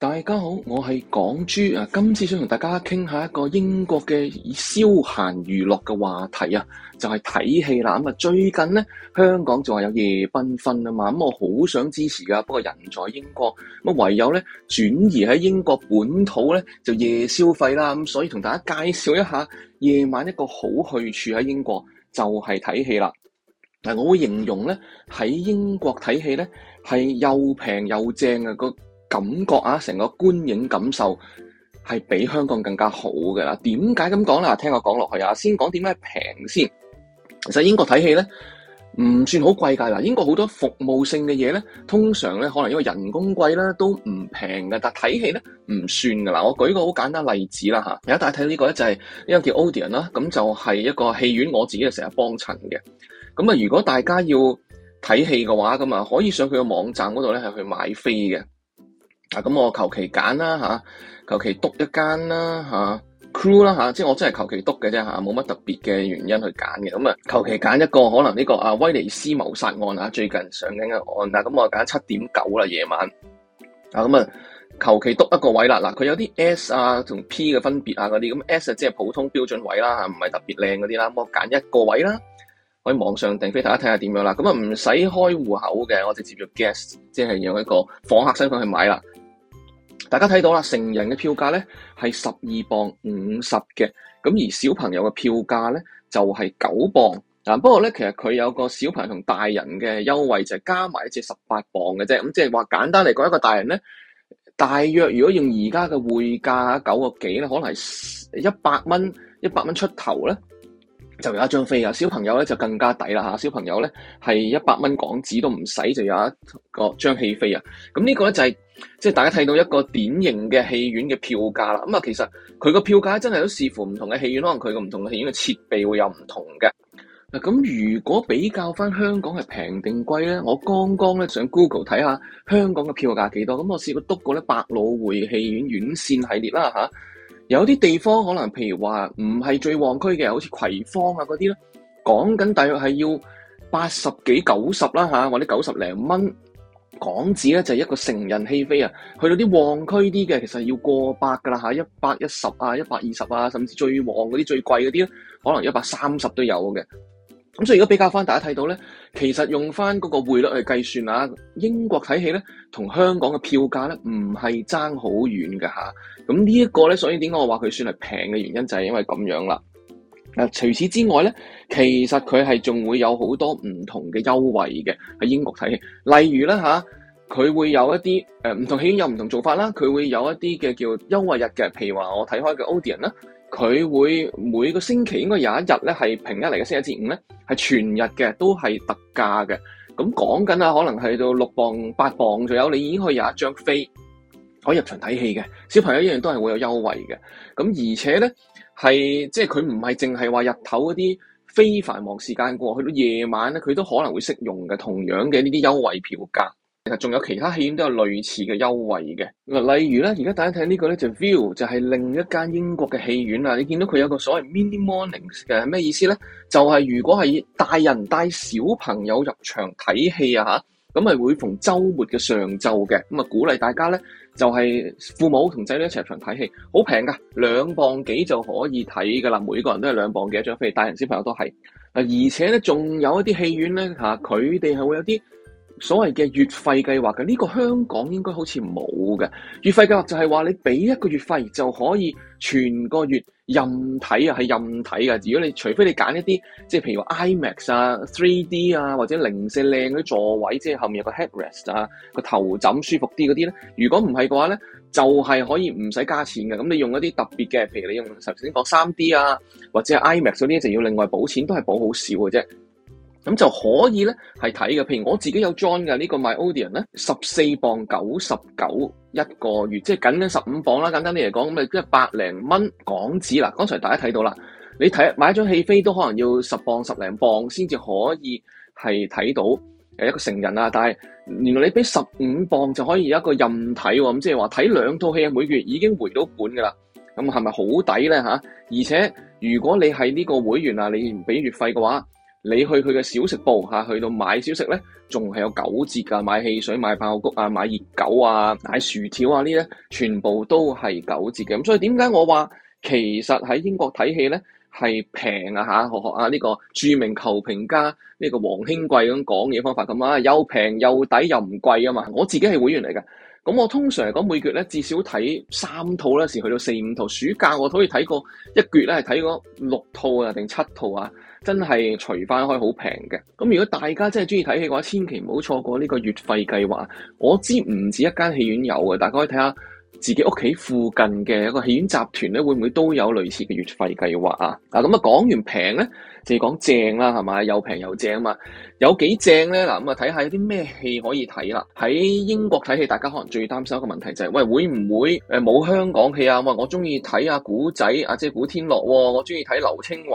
大家好，我係港豬啊，今次想同大家傾下一個英國嘅消閒娛樂嘅話題啊，就係睇戲啦。咁啊，最近咧香港仲係有夜繽紛啊嘛，咁我好想支持噶，不過人在英國，咁唯有咧轉移喺英國本土咧就夜消費啦。咁所以同大家介紹一下夜晚一個好去處喺英國就係睇戲啦。但我會形容咧喺英國睇戲咧係又平又正啊個。感覺啊，成個觀影感受係比香港更加好嘅啦。點解咁講咧？聽我講落去啊。先講點解平先。其實英國睇戲咧唔算好貴噶啦。英國好多服務性嘅嘢咧，通常咧可能因為人工貴啦，都唔平嘅。但睇戲咧唔算噶啦。我舉一個好簡單例子啦吓。而家大家睇呢個咧就係、是、呢個叫 Odeon 啦，咁就係一個戲院。我自己係成日幫襯嘅。咁啊，如果大家要睇戲嘅話，咁啊可以上佢個網站嗰度咧係去買飛嘅。啊咁我求其揀啦吓，求其督一間啦吓，crew 啦、啊、吓，即係我真係求其督嘅啫吓，冇、啊、乜特別嘅原因去揀嘅，咁啊求其揀一個可能呢個啊威尼斯謀殺案啊最近上緊嘅案啊，咁我揀七點九啦夜晚，啊咁啊求其督一個位啦，嗱、啊、佢有啲 S 啊同 P 嘅分別啊嗰啲，咁 S 啊即係普通標準位啦，唔、啊、係特別靚嗰啲啦，我揀一個位啦，我喺網上定飛大家睇下點樣啦，咁啊唔使開戶口嘅，我直接用 guest 即係用一個訪客身份去買啦。大家睇到啦，成人嘅票價咧係十二磅五十嘅，咁而小朋友嘅票價咧就係、是、九磅。嗱、啊，不過咧其實佢有個小朋友同大人嘅優惠就，就係加埋隻十八磅嘅啫。咁即係話簡單嚟講，一個大人咧大約如果用而家嘅匯價九個幾咧，可能係一百蚊一百蚊出頭咧。就有一張飛啊！小朋友咧就更加抵啦嚇，小朋友咧係一百蚊港紙都唔使就有一個張戲飛啊！咁呢個咧就係即係大家睇到一個典型嘅戲院嘅票價啦。咁啊，其實佢個票價真係都視乎唔同嘅戲院，可能佢個唔同嘅戲院嘅設備會有唔同嘅。嗱，咁如果比較翻香港係平定貴咧？我剛剛咧上 Google 睇下香港嘅票價幾多，咁我試過篤過咧百老匯戲院院線系列啦嚇。有啲地方可能，譬如話唔係最旺區嘅，好似葵芳啊嗰啲咧，講緊大約係要八十幾、九十啦吓，或者九十零蚊港紙咧就係一個成人戲飛啊。去到啲旺區啲嘅，其實要過百噶啦吓，一百一十啊，一百二十啊，甚至最旺嗰啲最貴嗰啲咧，可能一百三十都有嘅。咁所以如果比較翻，大家睇到咧，其實用翻嗰個匯率去計算啊，英國睇戲咧，同香港嘅票價咧，唔係爭好遠㗎。吓，咁呢一個咧，所以點解我話佢算係平嘅原因，就係因為咁樣啦。嗱，除此之外咧，其實佢係仲會有好多唔同嘅優惠嘅，喺英國睇戲。例如呢，吓，佢會有一啲呃、唔同戲院有唔同做法啦。佢會有一啲嘅叫優惠日嘅，譬如話我睇開嘅 Odeon 啦。佢會每個星期應該有一日咧，係平日嚟嘅星期一至五咧，係全日嘅都係特價嘅。咁講緊啊，可能係到六磅八磅左右，你已經可以有一張飛可以入場睇戲嘅。小朋友一樣都係會有優惠嘅。咁而且咧，係即係佢唔係淨係話日頭嗰啲非繁忙時間，過去到夜晚咧，佢都可能會適用嘅，同樣嘅呢啲優惠票價。其實仲有其他戲院都有類似嘅優惠嘅嗱，例如咧，而家大家睇呢個咧就是 View，就係另一間英國嘅戲院啦。你見到佢有個所謂 Mini Mornings 嘅，係咩意思咧？就係、是、如果係大人帶小朋友入場睇戲啊吓，咁咪會逢周末嘅上晝嘅咁啊鼓勵大家咧，就係、是、父母同仔女一齊入場睇戲，好平噶，兩磅幾就可以睇噶啦，每個人都係兩磅幾一張飛，如大人小朋友都係。啊，而且咧仲有一啲戲院咧吓，佢哋係會有啲。所謂嘅月費計劃，嘅呢個香港應該好似冇嘅。月費計劃就係話你俾一個月費就可以全個月任睇啊，係任睇嘅。如果你除非你揀一啲即係譬如 IMAX 啊、3D 啊或者零舍靚嗰啲座位，即係後面有個 headrest 啊個頭枕舒服啲嗰啲咧。如果唔係嘅話咧，就係可以唔使加錢嘅。咁你用一啲特別嘅，譬如你用頭先講 3D 啊或者係 IMAX 嗰啲，就要另外補錢，都係補好少嘅啫。咁就可以咧，係睇嘅。譬如我自己有 join、這個、嘅呢個 MyOdion 咧，十四磅九十九一個月，即係僅緊十五磅啦，簡單啲嚟講，咁啊即係百零蚊港紙啦。剛才大家睇到啦，你睇買一張戲飛都可能要十磅十零磅先至可以係睇到誒一個成人啊。但係原來你俾十五磅就可以有一個任睇、啊，咁即係話睇兩套戲啊，每月已經回到本噶啦。咁係咪好抵咧吓？而且如果你係呢個會員啊，你唔俾月費嘅話，你去佢嘅小食部吓，去到買小食咧，仲係有九折噶，買汽水、買爆谷啊、買熱狗啊、買薯條啊呢啲，全部都係九折嘅。咁所以點解我話其實喺英國睇戲咧係平啊，下學學啊，呢、呢個著名球評家，呢、呢個黃興貴咁講嘢方法咁啊，又平又抵又唔貴啊嘛！我自己係會員嚟㗎。咁我通常嚟講每月咧至少睇三套咧，有時去到四五套。暑假我都可以睇過一月呢，咧，係睇過六套啊，定七套啊，真係除翻開好平嘅。咁如果大家真係中意睇戲嘅話，千祈唔好錯過呢個月費計劃。我知唔止一間戲院有嘅，大家可以睇下。自己屋企附近嘅一個戲院集團咧，會唔會都有類似嘅月費計劃啊？嗱、啊，咁啊講完平咧，就要講正啦，係咪？又平又正，嘛有正啊！看看有幾正咧？嗱，咁啊睇下有啲咩戲可以睇啦。喺英國睇戲，大家可能最擔心一個問題就係、是：喂，會唔會冇、呃、香港戲啊？我中意睇阿古仔、即係古天樂、啊，我中意睇劉青雲、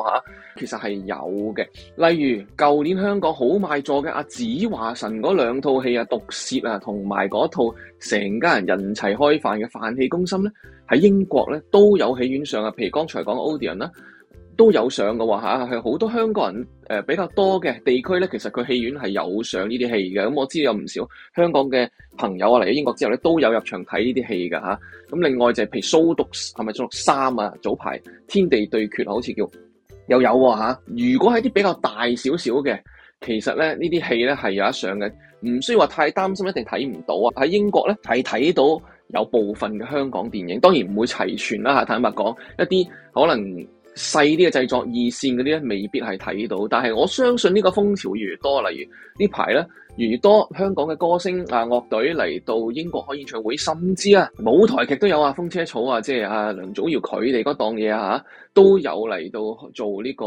啊，嚇、啊，其實係有嘅。例如舊年香港好賣座嘅阿子華神嗰兩套戲啊，《毒舌》啊，同埋嗰套。成家人人齊開飯嘅飯氣攻心咧，喺英國咧都有戲院上啊，譬如剛才講嘅 Odeon 啦，都有上嘅話嚇，係好多香港人誒、呃、比較多嘅地區咧，其實佢戲院係有上呢啲戲嘅。咁、嗯、我知道有唔少香港嘅朋友啊，嚟咗英國之後咧都有入場睇呢啲戲嘅嚇。咁、嗯、另外就係、是、譬如《掃毒》係咪《掃三》啊？早排《天地對決》好似叫又有嚇、啊。如果喺啲比較大少少嘅。其實咧，呢啲戲咧係有一上嘅，唔需要話太擔心，一定睇唔到啊！喺英國咧係睇到有部分嘅香港電影，當然唔會齊全啦嚇。坦白講，一啲可能細啲嘅製作、二線嗰啲咧，未必係睇到。但係我相信呢個風潮越來越多。例如呢排咧，越來越多香港嘅歌星啊、樂隊嚟到英國開演唱會，甚至啊舞台劇都有啊，《風車草》啊，即係啊梁祖堯佢哋嗰檔嘢嚇都有嚟到做呢個。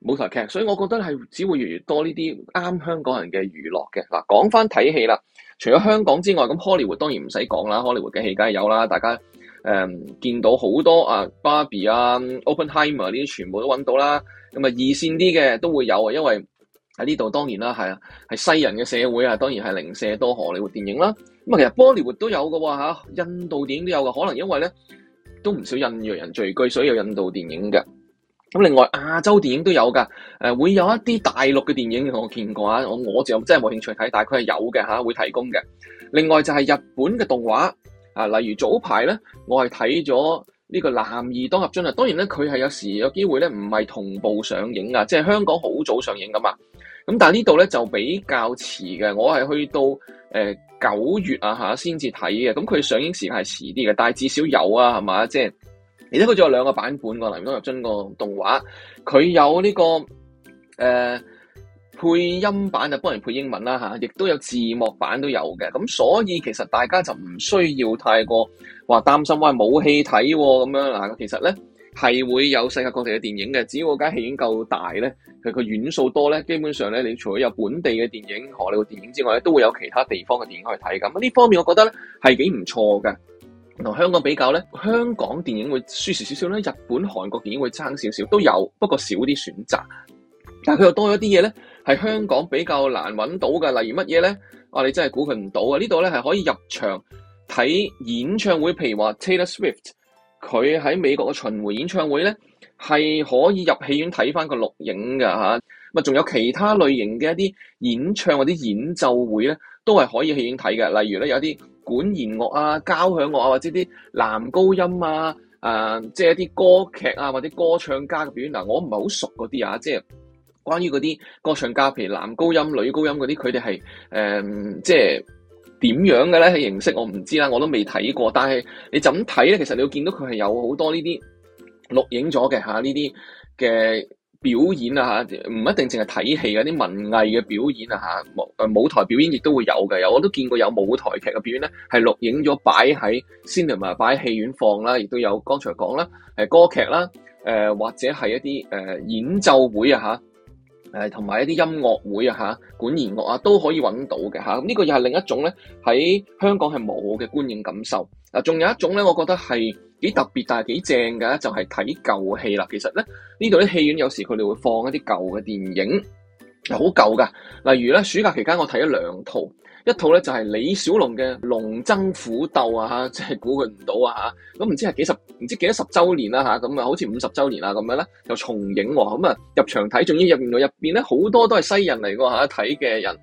舞台劇，所以我覺得係只會越嚟越多呢啲啱香港人嘅娛樂嘅。嗱，講翻睇戲啦，除咗香港之外，咁 h o l 荷里活當然唔使講啦，h o l 荷里活嘅戲梗係有啦，大家誒、嗯、見到好多啊，Barbie 啊，Oppenheimer 呢啲全部都揾到啦。咁、嗯、啊二線啲嘅都會有啊，因為喺呢度當然啦，係係西人嘅社會啊，當然係零舍多荷里活電影啦。咁啊其實寶萊活都有嘅吓、啊，印度電影都有嘅，可能因為咧都唔少印度人聚居，所以有印度電影嘅。咁另外亞洲電影都有噶，誒會有一啲大陸嘅電影我見過啊，我我就真係冇興趣睇，但係佢係有嘅嚇，會提供嘅。另外就係日本嘅動畫啊，例如早排咧，我係睇咗呢個《男兒當入樽》啊。當然咧，佢係有時有機會咧，唔係同步上映啊，即係香港好早上映噶嘛。咁但係呢度咧就比較遲嘅，我係去到誒九月啊嚇先至睇嘅。咁佢上映時間係遲啲嘅，但係至少有啊，係嘛，即係。而且佢仲有兩個版本個、啊《林明入樽》個動畫，佢有呢、這個誒、呃、配音版就幫人配英文啦、啊、嚇，亦都有字幕版都有嘅。咁所以其實大家就唔需要太過話擔心，話冇戲睇喎，咁樣嗱。其實咧係會有世界各地嘅電影嘅，只要個間戲院夠大咧，佢個院數多咧，基本上咧你除咗有本地嘅電影、荷里活電影之外咧，都會有其他地方嘅電影可以睇咁。呢方面我覺得咧係幾唔錯嘅。同香港比較咧，香港電影會輸蝕少少咧，日本、韓國電影會爭少少都有，不過少啲選擇。但係佢又多咗啲嘢咧，係香港比較難揾到嘅。例如乜嘢咧？啊，你真係估佢唔到啊！呢度咧係可以入場睇演唱會，譬如話 Taylor Swift，佢喺美國嘅巡迴演唱會咧，係可以入戲院睇返個錄影㗎吓。咁啊，仲有其他類型嘅一啲演唱或者演奏會咧，都係可以戲院睇嘅。例如咧，有啲，管弦樂啊、交響樂啊，或者啲男高音啊，誒、呃，即係一啲歌劇啊，或者歌唱家嘅表演嗱，我唔係好熟嗰啲啊，即係關於嗰啲歌唱家，譬如男高音、女高音嗰啲，佢哋係誒，即係點樣嘅咧？係形式我唔知啦，我都未睇過。但係你怎睇咧？其實你會見到佢係有好多呢啲錄影咗嘅吓，呢啲嘅。表演啊嚇，唔一定淨係睇戲啊，啲文藝嘅表演啊嚇，舞舞台表演亦都會有嘅，有我都見過有舞台劇嘅表演咧，係錄影咗擺喺 cinema、擺喺戲院放啦，亦都有。剛才講啦，誒歌劇啦，誒或者係一啲誒演奏會啊嚇，誒同埋一啲音樂會啊嚇，管弦樂啊都可以揾到嘅嚇。咁呢個又係另一種咧，喺香港係冇嘅觀影感受。嗱，仲有一種咧，我覺得係。幾特別但係幾正嘅就係睇舊戲啦。其實咧，呢度啲戲院有時佢哋會放一啲舊嘅電影，好舊噶。例如咧，暑假期間我睇咗兩套，一套咧就係、是、李小龍嘅《龍爭虎鬥》啊，吓即係估佢唔到啊，吓咁唔知係幾十唔知幾多十周年啦，吓咁啊、嗯、好似五十周年啊咁樣咧又重映喎，咁啊、嗯、入場睇仲要入到入邊咧，好多都係西人嚟個吓睇嘅人。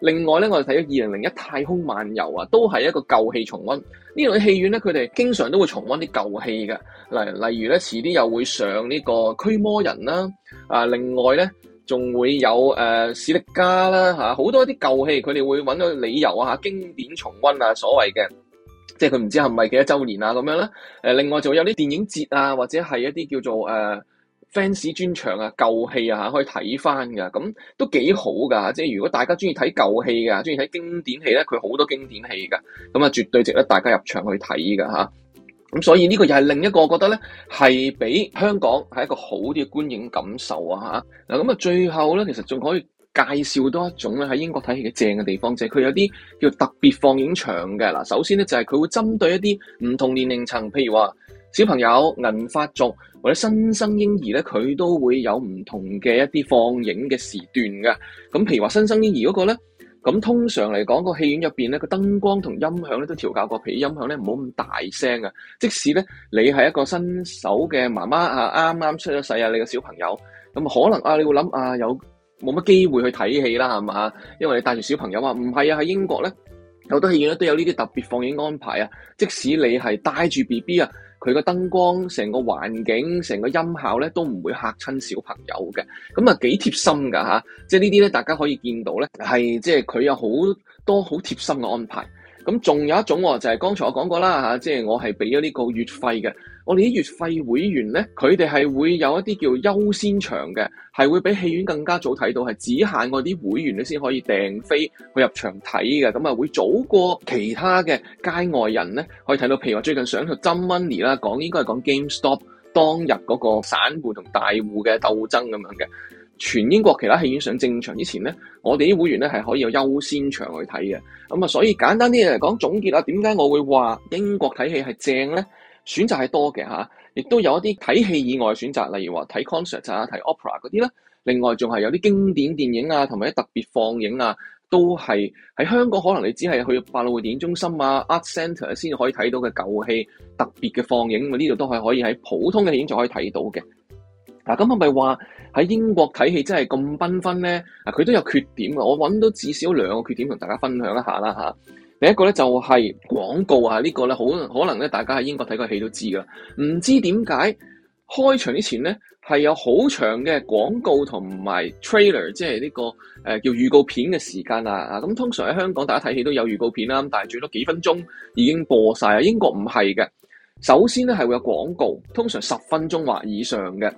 另外咧，我哋睇咗二零零一太空漫遊啊，都係一個舊戲重温。呢類戲院咧，佢哋經常都會重温啲舊戲嘅。例如咧，遲啲又會上呢個驅魔人啦。啊，另外咧，仲會有誒、呃、史力加啦，好多啲舊戲，佢哋會揾到理由啊嚇，經典重温啊，所謂嘅，即係佢唔知係唔係幾多周年啊咁樣啦、啊。另外仲有啲電影節啊，或者係一啲叫做誒、呃 fans 專場啊，舊戲啊可以睇翻噶，咁都幾好噶。即係如果大家中意睇舊戲嘅，中意睇經典戲咧，佢好多經典戲嘅，咁啊絕對值得大家入場去睇噶吓，咁所以呢個又係另一個我覺得咧，係比香港係一個好啲嘅觀影感受啊吓。嗱咁啊，最後咧，其實仲可以介紹多一種咧喺英國睇戲嘅正嘅地方，就係佢有啲叫特別放映場嘅嗱，首先咧就係佢會針對一啲唔同年齡層，譬如話。小朋友、銀發族或者新生嬰兒咧，佢都會有唔同嘅一啲放映嘅時段㗎。咁譬如話新生嬰兒嗰個咧，咁通常嚟講個戲院入面咧個燈光同音響咧都調校過畀音響咧唔好咁大聲嘅啊。即使咧你係一個新手嘅媽媽啊，啱啱出咗世啊，你個小朋友咁可能啊，你會諗啊有冇乜機會去睇戲啦，係咪？因為你帶住小朋友啊，唔係啊，喺英國咧有好多戲院咧都有呢啲特別放映安排啊。即使你係帶住 BB 啊。佢個燈光、成個環境、成個音效呢，都唔會嚇親小朋友嘅。咁咪幾貼心㗎吓、啊！即係呢啲呢，大家可以見到呢，係即係佢有好多好貼心嘅安排。咁仲有一種就係、是、剛才我講過啦嚇，即係我係俾咗呢個月費嘅，我哋啲月費會員咧，佢哋係會有一啲叫優先場嘅，係會比戲院更加早睇到，係只限我啲會員咧先可以訂飛去入場睇嘅，咁啊會早過其他嘅街外人咧可以睇到，譬如話最近上咗《Dumb Money》啦，講應該係講 GameStop 當日嗰個散戶同大戶嘅鬥爭咁樣嘅。全英國其他戲院上正常之前咧，我哋啲會員咧係可以有優先場去睇嘅。咁啊，所以簡單啲嚟講，總結啊，點解我會話英國睇戲係正咧？選擇係多嘅，吓，亦都有一啲睇戲以外嘅選擇，例如話睇 concert 啊、睇 opera 嗰啲呢。另外仲係有啲經典電影啊，同埋特別放映啊，都係喺香港可能你只係去百老匯電影中心啊、Art Centre 先至可以睇到嘅舊戲、特別嘅放映。咁啊，呢度都係可以喺普通嘅戲院就可以睇到嘅。嗱，咁係咪話？喺英國睇戲真係咁繽紛咧，啊佢都有缺點啊。我揾到至少兩個缺點同大家分享一下啦嚇。第一個咧就係廣告啊，呢個咧好可能咧，大家喺英國睇過戲都知㗎。唔知點解開場之前咧係有好長嘅廣告同埋 trailer，即係呢個誒叫預告片嘅時間啊啊！咁通常喺香港大家睇戲都有預告片啦，但係最多幾分鐘已經播晒啊。英國唔係嘅，首先咧係會有廣告，通常十分鐘或以上嘅。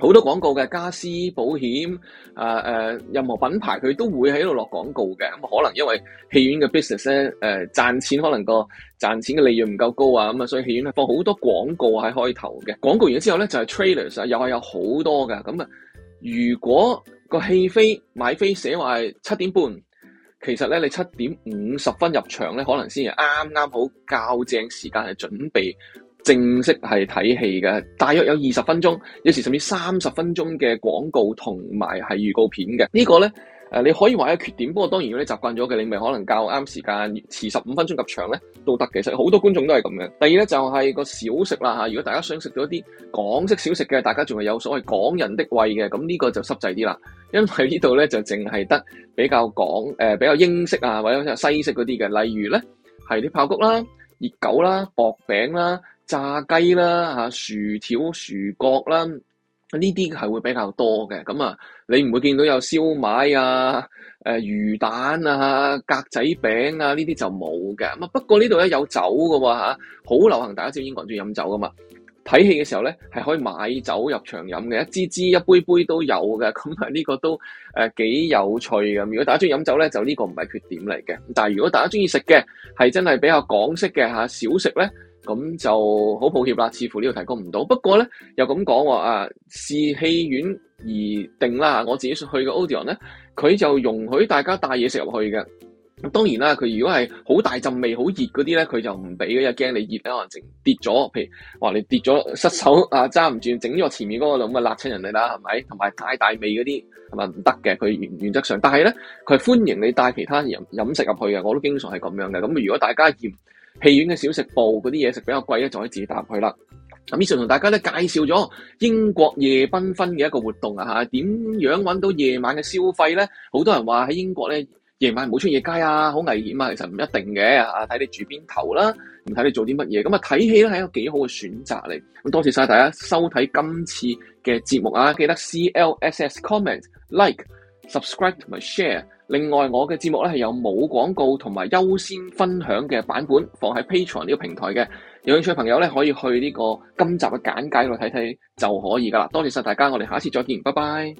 好多廣告嘅家私、保險，啊、呃、誒、呃，任何品牌佢都會喺度落廣告嘅。咁可能因為戲院嘅 business 咧，誒、呃、賺錢可能個賺錢嘅利潤唔夠高啊，咁啊，所以戲院係放好多廣告喺開頭嘅。廣告完之後咧，就係、是、trailers，又係有好多嘅。咁啊，如果個戲飛買飛寫話係七點半，其實咧你七點五十分入場咧，可能先係啱啱好較正時間嚟準備。正式係睇戲嘅，大約有二十分鐘，有時甚至三十分鐘嘅廣告同埋係預告片嘅。這個、呢個咧、呃，你可以話係缺點，不過當然如果你習慣咗嘅，你咪可能較啱時間遲十五分鐘入場咧都得。其實好多觀眾都係咁嘅。第二咧就係、是、個小食啦，如果大家想食到啲港式小食嘅，大家仲係有所謂港人的胃嘅，咁呢個就濕滯啲啦。因為呢度咧就淨係得比較港誒、呃、比較英式啊或者西式嗰啲嘅，例如咧係啲炮谷啦、熱狗啦、薄餅啦。炸雞啦、薯條薯角啦，呢啲係會比較多嘅。咁啊，你唔會見到有燒賣啊、誒魚蛋啊、格仔餅啊呢啲就冇嘅。咁啊，不過呢度咧有酒嘅喎，好流行。大家知英國人中意飲酒㗎嘛。睇戲嘅時候咧，係可以買酒入場飲嘅，一支支、一杯杯都有嘅。咁啊，呢個都誒幾有趣嘅。如果大家中意飲酒咧，就呢個唔係缺點嚟嘅。但係如果大家中意食嘅，係真係比較港式嘅小食咧。咁就好抱歉啦，似乎呢度提供唔到。不過咧，又咁講話啊，視戲院而定啦。我自己去嘅 Odeon 咧，佢就容許大家帶嘢食入去嘅。咁當然啦，佢如果係好大陣味、好熱嗰啲咧，佢就唔俾嘅，因為驚你熱咧可能整跌咗。譬如話你跌咗失手啊，揸唔住整咗前面嗰個露咁啊，辣親人嚟啦，係咪？同埋太大味嗰啲係咪唔得嘅？佢原原則上。但係咧，佢歡迎你帶其他人飲食入去嘅。我都經常係咁樣嘅。咁如果大家嫌，戲院嘅小食部嗰啲嘢食比較貴咧，就可以自己搭去啦。咁以上同大家咧介紹咗英國夜繽紛嘅一個活動啊嚇，點樣揾到夜晚嘅消費咧？好多人話喺英國咧夜晚唔好出夜街啊，好危險啊，其實唔一定嘅嚇，睇你住邊頭啦，唔睇你做啲乜嘢。咁啊睇戲咧係一個幾好嘅選擇嚟。咁多謝晒大家收睇今次嘅節目啊！記得 CLSS Comment, Like, Subscribe 同埋 Share。另外，我嘅節目咧係有無廣告同埋優先分享嘅版本，放喺 Patreon 呢個平台嘅，有興趣嘅朋友可以去呢個今集嘅簡介度睇睇就可以㗎啦。多謝晒大家，我哋下次再見，拜拜。